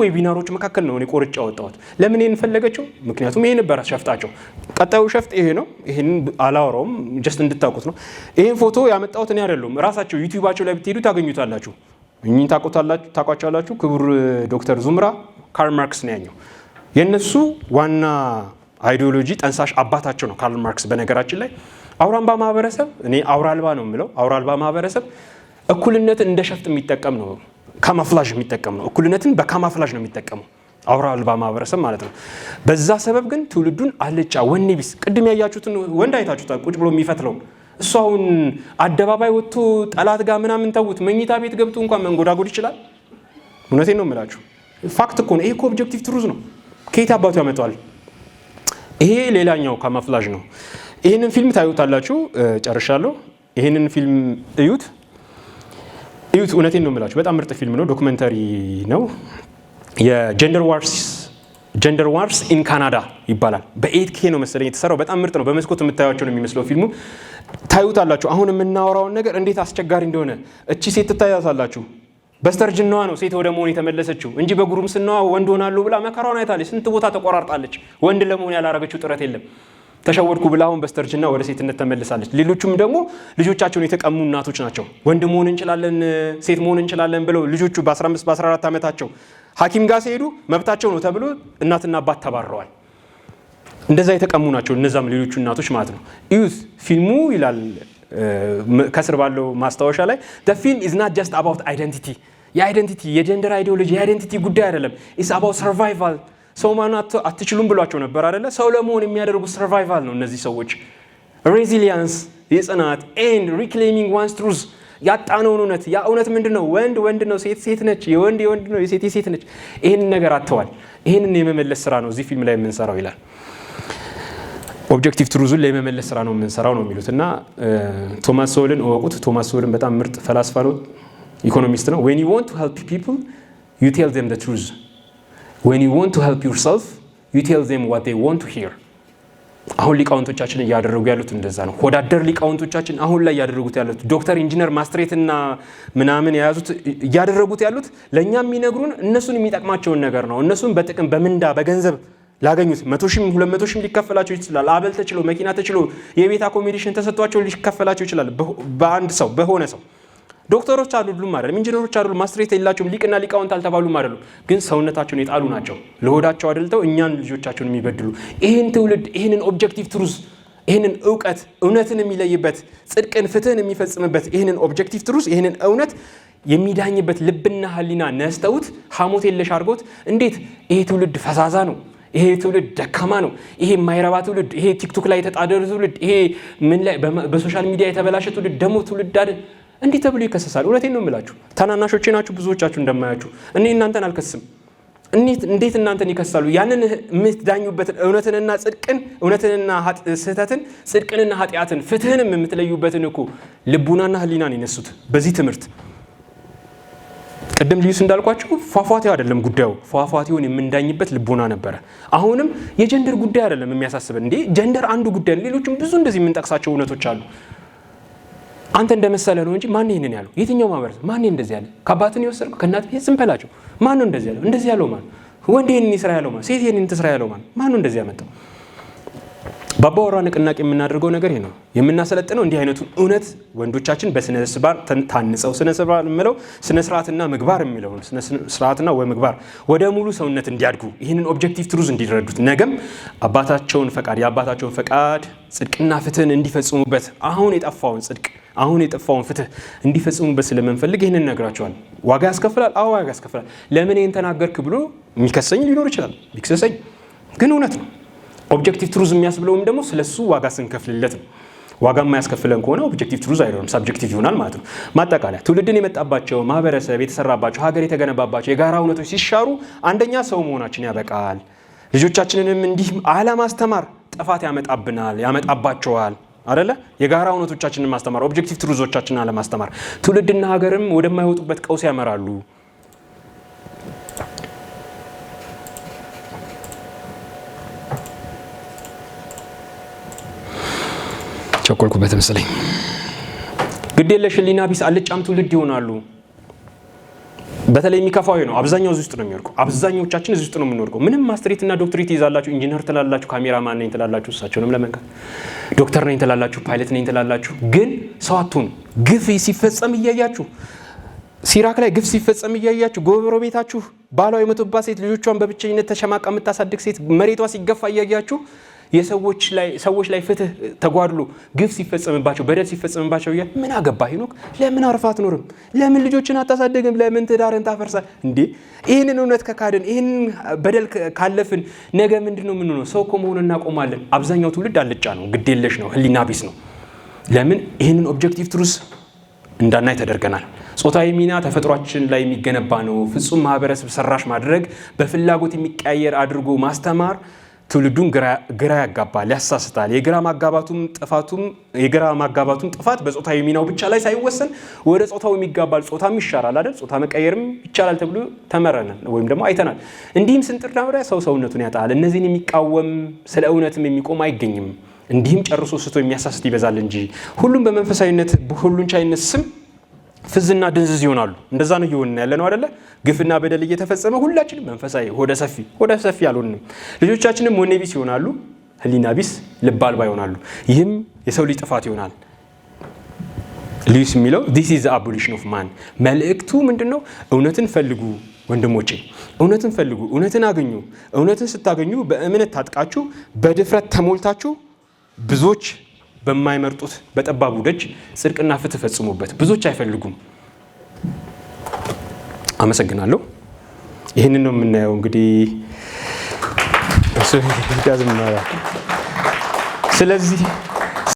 ዌቢናሮች መካከል ነው እኔ ቆርጬ ያወጣሁት። ለምን ይሄን ፈለገችው? ምክንያቱም ይሄ ነበር ሸፍጣቸው። ቀጣዩ ሸፍጥ ይሄ ነው። ይሄን አላወራውም፣ ጀስት እንድታውቁት ነው። ይሄን ፎቶ ያመጣሁት እኔ አይደለሁም። ራሳቸው ዩቲዩባቸው ላይ ብትሄዱ ታገኙታላችሁ። እኚህ ታውቋቸዋላችሁ። ክቡር ዶክተር ዙምራ ካርል ማርክስ ነው ያኛው የእነሱ ዋና አይዲዮሎጂ ጠንሳሽ አባታቸው ነው ካርል ማርክስ። በነገራችን ላይ አውራምባ ማህበረሰብ እኔ አውራልባ ነው የምለው አውራልባ ማህበረሰብ እኩልነት እንደ ሸፍጥ የሚጠቀም ነው ካማፍላዥ የሚጠቀም ነው። እኩልነትን በካማፍላዥ ነው የሚጠቀመው አውራ አልባ ማህበረሰብ ማለት ነው። በዛ ሰበብ ግን ትውልዱን አልጫ ወኔ ቢስ፣ ቅድም ያያችሁትን ወንድ አይታችሁታል፣ ቁጭ ብሎ የሚፈትለው እሱ አሁን አደባባይ ወጥቶ ጠላት ጋር ምናምን ተውት፣ መኝታ ቤት ገብቶ እንኳን መንጎዳጎድ ይችላል። እውነቴን ነው የምላችሁ። ፋክት እኮ ነው ይሄ ኦብጀክቲቭ ትሩዝ ነው። ከየት አባቱ ያመጣዋል? ይሄ ሌላኛው ካማፍላዥ ነው። ይህንን ፊልም ታዩታላችሁ። ጨርሻለሁ። ይህንን ፊልም እዩት። እዩት። እውነቴን ነው የምላችሁ፣ በጣም ምርጥ ፊልም ነው፣ ዶክመንተሪ ነው። የጀንደር ዋርስ ጀንደር ዋርስ ኢን ካናዳ ይባላል። በኤትኬ ነው መሰለኝ የተሰራው። በጣም ምርጥ ነው። በመስኮት የምታያቸው ነው የሚመስለው ፊልሙ። ታዩታላችሁ። አሁን የምናወራውን ነገር እንዴት አስቸጋሪ እንደሆነ እቺ ሴት ትታያታላችሁ። በስተርጅናዋ ነው ሴት ወደ መሆን የተመለሰችው እንጂ በጉርምስናዋ ወንድ ሆናለሁ ብላ መከራውን አይታለች። ስንት ቦታ ተቆራርጣለች። ወንድ ለመሆን ያላረገችው ጥረት የለም። ተሸወድኩ ብላ አሁን በስተርጅና ወደ ሴትነት ተመልሳለች። ሌሎቹም ደግሞ ልጆቻቸውን የተቀሙ እናቶች ናቸው። ወንድ መሆን እንችላለን፣ ሴት መሆን እንችላለን ብለው ልጆቹ በ15 በ14 ዓመታቸው ሐኪም ጋር ሲሄዱ መብታቸው ነው ተብሎ እናትና አባት ተባረዋል። እንደዛ የተቀሙ ናቸው እነዛም ሌሎቹ እናቶች ማለት ነው። ዩዝ ፊልሙ ይላል ከስር ባለው ማስታወሻ ላይ ፊልም ኢዝ ናት ጀስት አባውት አይደንቲቲ የአይደንቲቲ የጀንደር አይዲዮሎጂ የአይደንቲቲ ጉዳይ አይደለም ኢስ አባውት ሰርቫይቫል ሰው ማን አትችሉም ብሏቸው ነበር አይደለ? ሰው ለመሆን የሚያደርጉት ሰርቫይቫል ነው። እነዚህ ሰዎች ሬዚሊያንስ፣ የጽናት ኤንድ ሪክሌሚንግ ዋንስ ትሩዝ ያጣነውን እውነት። ያ እውነት ምንድን ነው? ወንድ ወንድ ነው፣ ሴት ሴት ነች፣ የወንድ የወንድ ነው፣ የሴት የሴት ነች። ይህንን ነገር አጥተዋል። ይህንን የመመለስ ስራ ነው እዚህ ፊልም ላይ የምንሰራው ይላል። ኦብጀክቲቭ ትሩዙን ለመመለስ ስራ ነው የምንሰራው ነው የሚሉት እና ቶማስ ሶልን እወቁት። ቶማስ ሶልን በጣም ምርጥ ፈላስፋ ነው፣ ኢኮኖሚስት ነው። ዌን ዩ ዋንት ቱ ሄልፕ ፒፕል ዩ ቴል ዘም ትሩዝ ዌን ዩ ዋንት ቱ ሄልፕ ዩርሰልፍ ዩ ቴል ዜም ዋት ዜይ ዋንት ቱ ሂር። አሁን ሊቃውንቶቻችን እያደረጉ ያሉት እንደዛ ነው። ወዳደር ሊቃውንቶቻችን አሁን ላይ እያደረጉት ያሉት ዶክተር፣ ኢንጂነር፣ ማስትሬት እና ምናምን የያዙት እያደረጉት ያሉት ለእኛ የሚነግሩን እነሱን የሚጠቅማቸውን ነገር ነው። እነሱን በጥቅም በምንዳ በገንዘብ ላገኙት መቶ ሺህም ሁለት መቶ ሺህም ሊከፈላቸው ይችላል። አበል ተችሎ መኪና ተችሎ የቤት አኮሜዴሽን ተሰጥቷቸው ሊከፈላቸው ይችላል። በአንድ ሰው በሆነ ሰው ዶክተሮች አይደሉም አይደለም፣ ኢንጂነሮች አሉ፣ ማስትሬት የላቸውም፣ ሊቅና ሊቃውንት አልተባሉም አይደሉም። ግን ሰውነታቸውን የጣሉ ናቸው። ለሆዳቸው አደልተው እኛን ልጆቻቸውን የሚበድሉ ይህን ትውልድ ይህንን ኦብጀክቲቭ ትሩዝ ይህንን እውቀት እውነትን የሚለይበት ጽድቅን፣ ፍትህን የሚፈጽምበት ይህንን ኦብጀክቲቭ ትሩዝ ይህንን እውነት የሚዳኝበት ልብና ህሊና ነስተውት ሐሞት የለሽ አድርጎት እንዴት ይሄ ትውልድ ፈዛዛ ነው ይሄ ትውልድ ደካማ ነው፣ ይሄ የማይረባ ትውልድ፣ ይሄ ቲክቶክ ላይ የተጣደረ ትውልድ፣ ይሄ ምን ላይ በሶሻል ሚዲያ የተበላሸ ትውልድ ደግሞ ትውልድ አይደል እንዲህ ተብሎ ይከሰሳል። እውነቴን ነው የምላችሁ፣ ታናናሾቼ ናችሁ ብዙዎቻችሁ እንደማያችሁ። እኔ እናንተን አልከስም። እንዴት እናንተን ይከሳሉ? ያንን የምትዳኙበትን እውነትንና ጽድቅን እውነትንና ስህተትን ጽድቅንና ኃጢአትን ፍትህንም የምትለዩበትን እኮ ልቡናና ህሊናን የነሱት በዚህ ትምህርት ቅድም ልዩስ እንዳልኳችሁ ፏፏቴው አይደለም ጉዳዩ። ፏፏቴውን የምንዳኝበት ልቦና ነበረ። አሁንም የጀንደር ጉዳይ አይደለም የሚያሳስበን። እንዴ ጀንደር አንዱ ጉዳይ ነው። ሌሎችም ብዙ እንደዚህ የምንጠቅሳቸው እውነቶች አሉ። አንተ እንደ እንደመሰለ ነው እንጂ ማን ይህንን ያለው? የትኛው ማህበረሰብ ማን እንደዚህ ያለ? ከአባትን የወሰድኩ ከእናት ዝም በላቸው። ማን ነው እንደዚህ ያለው? እንደዚህ ያለው ማን? ወንድ ይህንን ይስራ ያለው ማን? ሴት ይህንን ትስራ ያለው ማን? ማን ነው እንደዚህ ያመጣው? በአባወራ ንቅናቄ የምናደርገው ነገር ይሄ ነው። የምናሰለጥነው እንዲህ አይነቱን እውነት ወንዶቻችን በስነ ስርዓት ታንጸው ስነ ስርዓት የምለው ስነ ስርዓትና ምግባር የሚለው ስነ ስርዓትና ወይ ምግባር ወደ ሙሉ ሰውነት እንዲያድጉ ይህንን ኦብጀክቲቭ ትሩዝ እንዲረዱት ነገም አባታቸውን ፈቃድ የአባታቸውን ፈቃድ ጽድቅና ፍትህን እንዲፈጽሙበት አሁን የጠፋውን ጽድቅ አሁን የጠፋውን ፍትህ እንዲፈጽሙበት ስለምንፈልግ ይህንን ነግራቸዋል። ዋጋ ያስከፍላል። አዎ ዋጋ ያስከፍላል። ለምን ይህን ተናገርክ ብሎ የሚከሰኝ ሊኖር ይችላል። ቢከሰሰኝ ግን እውነት ነው። ኦብጀክቲቭ ትሩዝ የሚያስብለውም ደግሞ ስለሱ ዋጋ ስንከፍልለት ነው። ዋጋ የማያስከፍለን ከሆነ ኦብጀክቲቭ ትሩዝ አይደለም፣ ሳብጀክቲቭ ይሆናል ማለት ነው። ማጠቃለያ ትውልድን የመጣባቸው ማህበረሰብ የተሰራባቸው ሀገር የተገነባባቸው የጋራ እውነቶች ሲሻሩ አንደኛ ሰው መሆናችን ያበቃል። ልጆቻችንንም እንዲህ አለማስተማር ጥፋት ያመጣብናል፣ ያመጣባቸዋል አደለ? የጋራ እውነቶቻችንን ማስተማር ኦብጀክቲቭ ትሩዞቻችንን አለማስተማር ትውልድና ሀገርም ወደማይወጡበት ቀውስ ያመራሉ። ቸኮልኩበት መሰለኝ። ግድ የለሽ ሕሊና ቢስ አልጫም ትውልድ ይሆናሉ። በተለይ የሚከፋው ነው። አብዛኛው እዚህ ውስጥ ነው የሚወድቀው። አብዛኛዎቻችን እዚህ ውስጥ ነው የምንወድቀው። ምንም ማስትሬት ማስትሬትና ዶክትሬት ይዛላችሁ፣ ኢንጂነር ትላላችሁ፣ ካሜራማን ነኝ ትላላችሁ፣ እሳቸውንም ለመንካት ዶክተር ነኝ ትላላችሁ፣ ፓይለት ነኝ ትላላችሁ። ግን ሰው አትሆኑ። ግፍ ሲፈጸም እያያችሁ ሲራክ ላይ ግፍ ሲፈጸም እያያችሁ ጎበሮ ቤታችሁ ባሏ የመቶባት ሴት ልጆቿን በብቸኝነት ተሸማቃ የምታሳድግ ሴት መሬቷ ሲገፋ እያያችሁ የሰዎች ላይ ሰዎች ላይ ፍትህ ተጓድሎ ግፍ ሲፈጸምባቸው በደል ሲፈጸምባቸው እያል ምን አገባ ሄኖክ? ለምን አርፋት አትኖርም? ለምን ልጆችን አታሳደግም? ለምን ትዳርን ታፈርሳል እንዴ? ይህንን እውነት ከካድን ይህን በደል ካለፍን ነገ ምንድን ነው የምንሆነው? ሰው እኮ መሆን እናቆማለን። አብዛኛው ትውልድ አልጫ ነው፣ ግዴለሽ ነው፣ ህሊና ቢስ ነው። ለምን ይህንን ኦብጀክቲቭ ትሩስ እንዳናይ ተደርገናል። ጾታዊ ሚና ተፈጥሯችን ላይ የሚገነባ ነው። ፍጹም ማህበረሰብ ሰራሽ ማድረግ፣ በፍላጎት የሚቀያየር አድርጎ ማስተማር ትውልዱን ግራ ያጋባል፣ ያሳስታል። የግራ ማጋባቱም ጥፋት በጾታዊ ሚናው ብቻ ላይ ሳይወሰን ወደ ጾታው የሚጋባል ጾታም ይሻራል አይደል? ጾታ መቀየርም ይቻላል ተብሎ ተመረናል ወይም ደግሞ አይተናል። እንዲህም ስንጥር ዳምሪያ ሰው ሰውነቱን ያጣል። እነዚህን የሚቃወም ስለ እውነትም የሚቆም አይገኝም። እንዲህም ጨርሶ ስቶ የሚያሳስት ይበዛል እንጂ ሁሉም በመንፈሳዊነት ሁሉን ቻይነት ስም ፍዝና ድንዝዝ ይሆናሉ። እንደዛ ነው እየሆንን ያለ ነው አደለ? ግፍና በደል እየተፈጸመ ሁላችንም መንፈሳዊ ሆደ ሰፊ ሆደ ሰፊ አልሆንም። ልጆቻችንም ወኔ ቢስ ይሆናሉ፣ ህሊና ቢስ፣ ልብ አልባ ይሆናሉ። ይህም የሰው ልጅ ጥፋት ይሆናል። ሊዩስ የሚለው ዲስ ኢዝ አቦሊሽን ኦፍ ማን መልእክቱ ምንድን ነው? እውነትን ፈልጉ ወንድሞቼ፣ እውነትን ፈልጉ፣ እውነትን አገኙ። እውነትን ስታገኙ በእምነት ታጥቃችሁ በድፍረት ተሞልታችሁ ብዙዎች በማይመርጡት በጠባቡ ደጅ ጽድቅና ፍትህ ፈጽሙበት። ብዙዎች አይፈልጉም። አመሰግናለሁ። ይህንን ነው የምናየው። እንግዲህ ስለዚህ